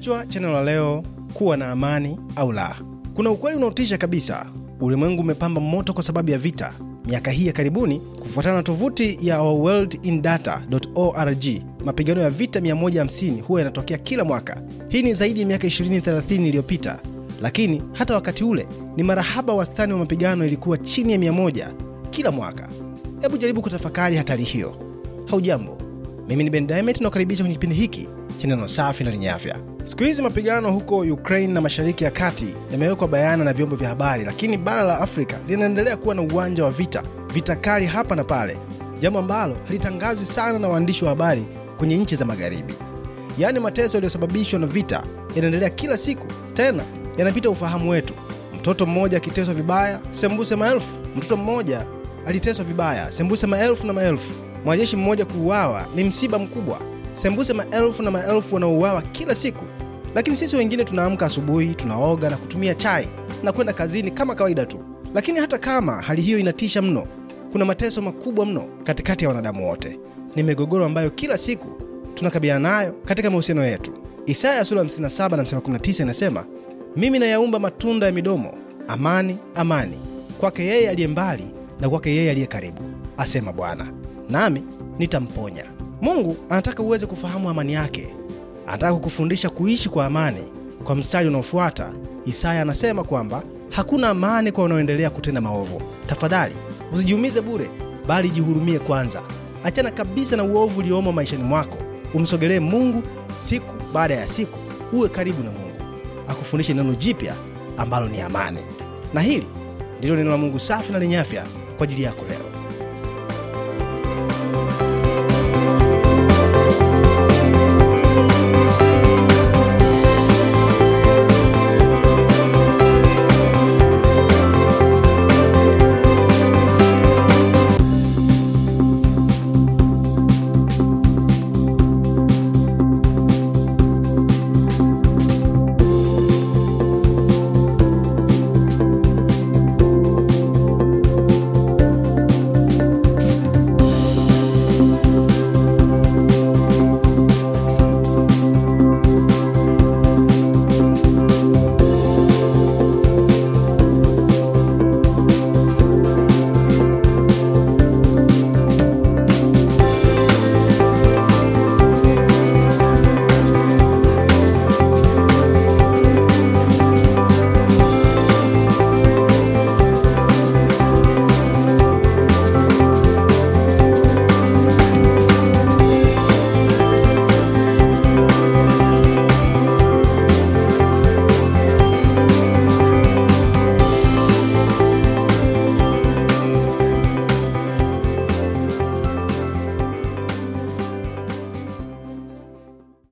Kichwa cha neno la leo, kuwa na amani au la. Kuna ukweli unaotisha kabisa. Ulimwengu umepamba moto kwa sababu ya vita miaka hii ya karibuni. Kufuatana na tovuti ya ourworldindata.org, mapigano ya vita 150 huwa yanatokea kila mwaka. Hii ni zaidi ya miaka 20-30 iliyopita, lakini hata wakati ule ni marahaba. Wastani wa mapigano ilikuwa chini ya 100 kila mwaka. Hebu jaribu kutafakari hatari hiyo. Haujambo, mimi ni Ben Diamond, nakukaribisha kwenye kipindi hiki cha neno safi na lenye afya. Siku hizi mapigano huko Ukraine na mashariki ya kati yamewekwa bayana na vyombo vya habari, lakini bara la Afrika linaendelea kuwa na uwanja wa vita, vita kali hapa na pale, jambo ambalo halitangazwi sana na waandishi wa habari kwenye nchi za magharibi. Yaani, mateso yaliyosababishwa na vita yanaendelea kila siku, tena yanapita ufahamu wetu. Mtoto mmoja akiteswa vibaya sembuse maelfu, mtoto mmoja aliteswa vibaya sembuse maelfu na maelfu. Mwanajeshi mmoja kuuawa ni msiba mkubwa sembuse maelfu na maelfu wanaouawa kila siku, lakini sisi wengine tunaamka asubuhi, tunaoga na kutumia chai na kwenda kazini kama kawaida tu. Lakini hata kama hali hiyo inatisha mno, kuna mateso makubwa mno katikati ya wanadamu wote. Ni migogoro ambayo kila siku tunakabiliana nayo katika mahusiano yetu. Isaya sula 57 na 19 inasema, mimi nayaumba matunda ya midomo, amani, amani kwake yeye aliye mbali na kwake yeye aliye karibu, asema Bwana, nami nitamponya. Mungu anataka uweze kufahamu amani yake, anataka kukufundisha kuishi kwa amani. Kwa mstari unaofuata Isaya anasema kwamba hakuna amani kwa wanaoendelea kutenda maovu. Tafadhali usijiumize bure, bali jihurumie kwanza. Achana kabisa na uovu uliomo maishani mwako, umsogelee Mungu siku baada ya siku, uwe karibu na Mungu akufundishe neno jipya ambalo ni amani. Na hili ndilo neno la Mungu safi na lenye afya kwa ajili yako leo.